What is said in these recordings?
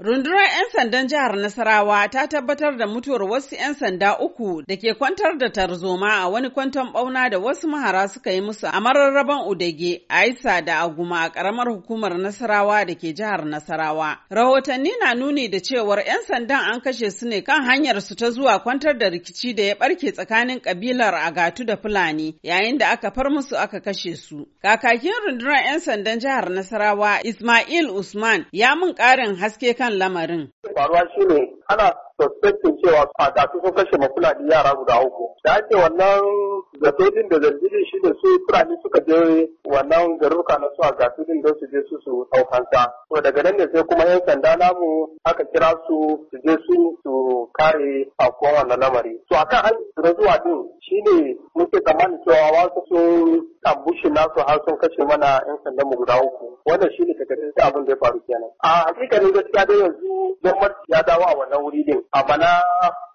Rundunar 'yan sandan jihar Nasarawa ta tabbatar da mutuwar wasu 'yan sanda uku da ke kwantar da tarzoma a wani kwanton bauna da wasu mahara suka yi musu a mararraban Udage, Aisa da Aguma a karamar hukumar Nasarawa da ke jihar Nasarawa. Rahotanni na nuni da cewar 'yan sandan an kashe su ne kan hanyar su ta zuwa kwantar da rikici da ya barke tsakanin kabilar Agatu da Fulani yayin da aka far musu aka kashe su. Kakakin rundunar 'yan sandan jihar Nasarawa Ismail Usman ya mun ƙarin haske kan kan lamarin. Faruwa shi ne ana suspecting cewa fatatu sun kashe mafulani yara guda uku. Da ake wannan gatodin da zargin shi ne su fulani suka je wannan garuruka na su a gatodin don su je su su ɗaukansa. To daga nan ne sai kuma yan sanda namu aka kira su su je su su kare a wannan lamari. To akan hanyar zuwa din shi ne muke tsammanin cewa wasu sun ambushi nasu har sun kashe mana yan sandan mu guda uku. wannan shi ne gani da abin da ya faru kenan a hakikanin gaskiya dai yanzu gwamnati ya dawo a wannan wuri din amma na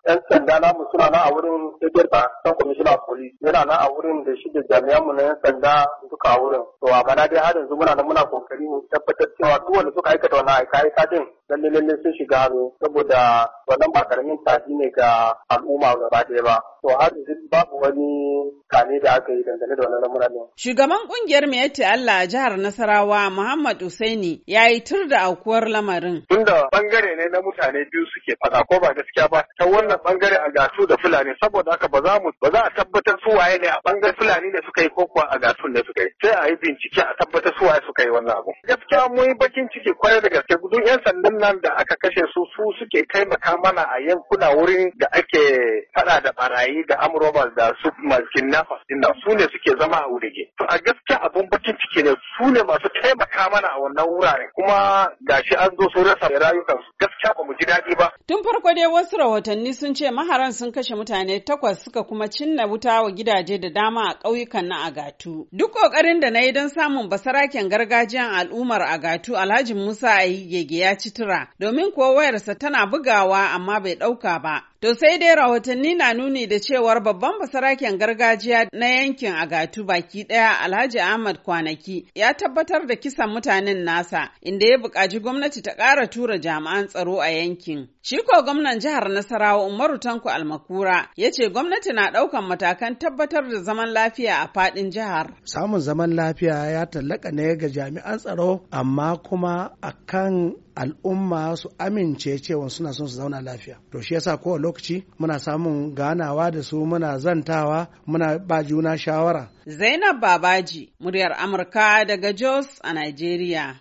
yan sanda namu suna nan a wurin tafiyar ba san kwamishina polis yana nan a wurin da shi da jami'an mu na yan sanda duka a wurin to amma na dai har yanzu muna nan muna kokari mu tabbatar cewa duk wanda suka aikata wannan aika aika din lalle lalle sun shiga hannu saboda wannan ba karamin tafi ne ga al'umma gaba ɗaya ba to har yanzu babu wani kane da aka yi dangane da wannan lamuran ne. Shugaban kungiyar Mayetti Allah a jihar Nasarawa Muhammad Usaini ya yi tur da aukuwar lamarin. Tunda bangare ne na mutane biyu suke faɗa ko ba gaskiya ba ta wannan bangare a gato da Fulani saboda haka ba za mu za a tabbatar su waye ne a bangaren Fulani da suka yi ko kuwa a gasun ne suka yi sai a yi bincike a tabbatar su waye suka yi wannan abu gaskiya mun yi bakin ciki kwarai da gaske gudun yan sandan nan da aka kashe su su suke taimaka mana a yankuna wurin da ake fada da barayi da amrobas da su maskin nafas din nan su ne suke zama a wurige to a gaskiya abun bakin ciki ne su ne masu taimaka mana a wannan wurare kuma gashi an zo sun rasa su gaskiya ba mu ji daɗi ba tun farko dai wasu rahotanni sun ce maharan sun kashe mutane takwas suka kuma ci cinna wuta wa gidaje da dama a ƙauyukan na Agatu. Duk ƙoƙarin da na yi don samun basaraken gargajiyan al'ummar Agatu Alhaji Musa gege ya ci tura domin kuwa wayarsa tana bugawa amma bai ɗauka ba. To sai dai rahotanni na nuni da cewar babban basaraken gargajiya na yankin Agatu baki daya Alhaji Ahmad Kwanaki ya tabbatar da kisan mutanen nasa inda ya buƙaci gwamnati ta ƙara tura jami'an tsaro a yankin. Shiko gwamnan jihar Nasarawa Umaru Tanko Almakura ya ce gwamnati na ɗaukan matakan tabbatar da zaman lafiya a faɗin jihar. Samun zaman lafiya ya tallaka ne ga jami'an tsaro amma kuma akan al'umma su amince cewa suna son su zauna lafiya to shi yasa kowa lokaci muna samun ganawa da su muna zantawa muna ba juna shawara zainab babaji muryar amurka daga jos a nigeria